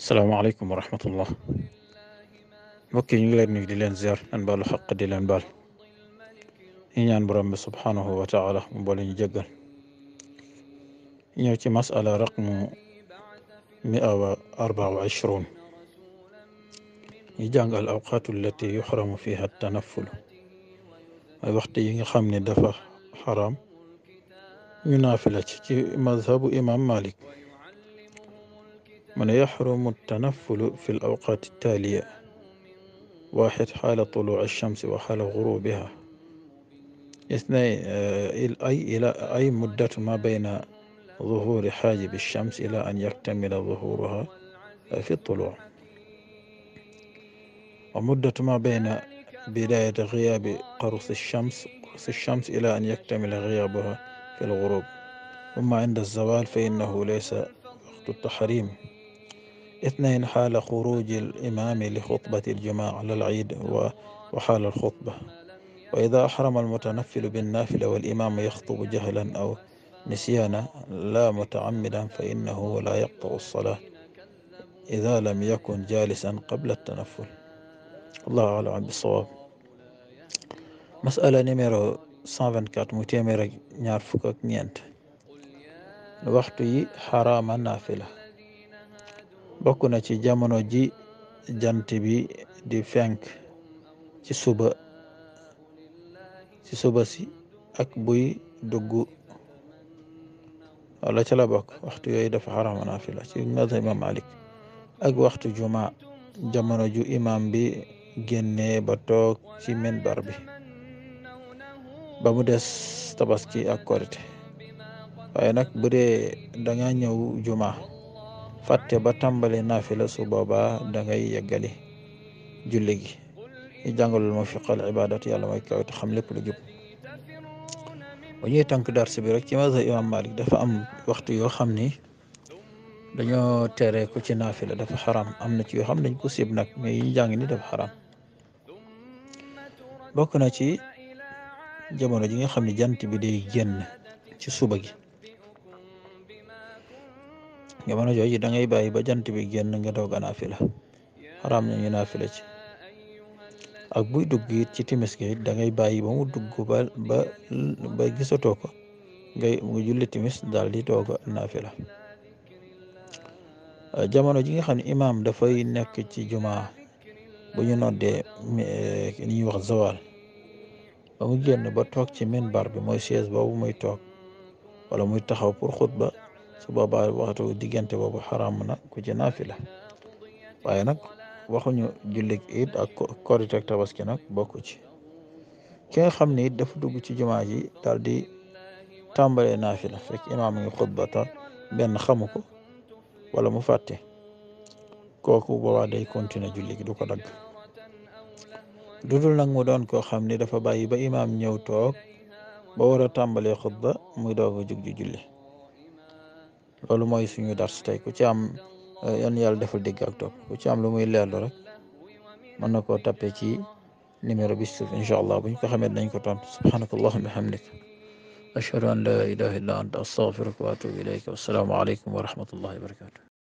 السلام عليكم ورحمة الله بكي نلير نجد لين زيار أنبال حق دي لانبال إنيان يعني برمب سبحانه وتعالى مبالي نجغل إنيوتي مسألة رقم 124 يجانغ الأوقات التي يحرم فيها التنفل وقت يخمني دفع حرام ينافلت مذهب إمام مالك من يحرم التنفل في الأوقات التالية واحد حال طلوع الشمس وحال غروبها اثنين آه، أي, إلى أي مدة ما بين ظهور حاجب الشمس إلى أن يكتمل ظهورها في الطلوع ومدة ما بين بداية غياب قرص الشمس قرص الشمس إلى أن يكتمل غيابها في الغروب أما عند الزوال فإنه ليس وقت التحريم اثنين حال خروج الإمام لخطبة الجماعة على العيد وحال الخطبة وإذا أحرم المتنفل بالنافلة والإمام يخطب جهلا أو نسيانا لا متعمدا فإنه لا يقطع الصلاة إذا لم يكن جالسا قبل التنفل الله أعلم بالصواب مسألة نمرة 124 متيمرة نعرفك نينت الوقت حرام النافله bokku na ci jamono ji jant bi di fenk ci suba ci suba si ak buy duggu wala ci la bokk waxtu yooyu dafa xaram la ci mazhab imam Malik ak waxtu juma jamono ju imam bi génnee ba toog ci minbar bi ba mu des tabaski ak korite waaye nag bu da nga ñëw juma fàtte ba tàmbali naafila su boobaa da ngay yeggali julli gi i jàngalul ma fiqal ibadat yàlla mooy kaw te xam lépp lu jub bu ñuy tànk dars bi rek ci mazhab malik dafa am waxtu yoo xam ni dañoo tere ku ci naafila dafa xaram am na ci yoo xam dañ ko sib nag mais ñu jàng ni dafa xaram bokk na ci jamono ji nga xam ne jant bi day génn ci suba gi jamono jooju da ngay bàyyi ba jant bi génn nga doog a naafila xaraam na ñu naafila ci ak buy dugg it ci timis gi da bàyyi ba mu dugg ba ba ba gisatoo ko ngay nga julli timis daal di doog a naafila euh, jamono ji nga xam ne imaam dafay nekk ci jumaa bu ñu noddee ni euh, ñuy wax zawal ba mu génn ba toog ci minbar bi mooy chaise boobu muy toog wala muy taxaw pour xutba su boobaa waxtu diggante boobu xaram na ku ci naafila waaye nag waxuñu jullig it ak korite tabaski nag bokku ci ki xam ne it dafa dugg ci jumaa ji daal di tàmbalee naafila fekk imaam ngi xutba ta benn xamu ko wala mu fàtte kooku boobaa day continue julli gi du ko dagg dudul nag mu doon koo xam ne dafa bàyyi ba imaam ñëw toog ba war a tàmbalee xutba muy doog a ju julli loolu mooy suñu dars tey ku ci am eh, yan yàlla defal dégg ak topp ku ci am lu muy leerlu rek na koo tappe ci numéro bi suuf incha allah buñ ko xamee dañ ko tontu subhanaka allahumma hamdik ashhadu an la ilaha illa anta astaghfiruka wa atubu ilayka wassalaamu aleykum wa rahmatullahi wa barakatuh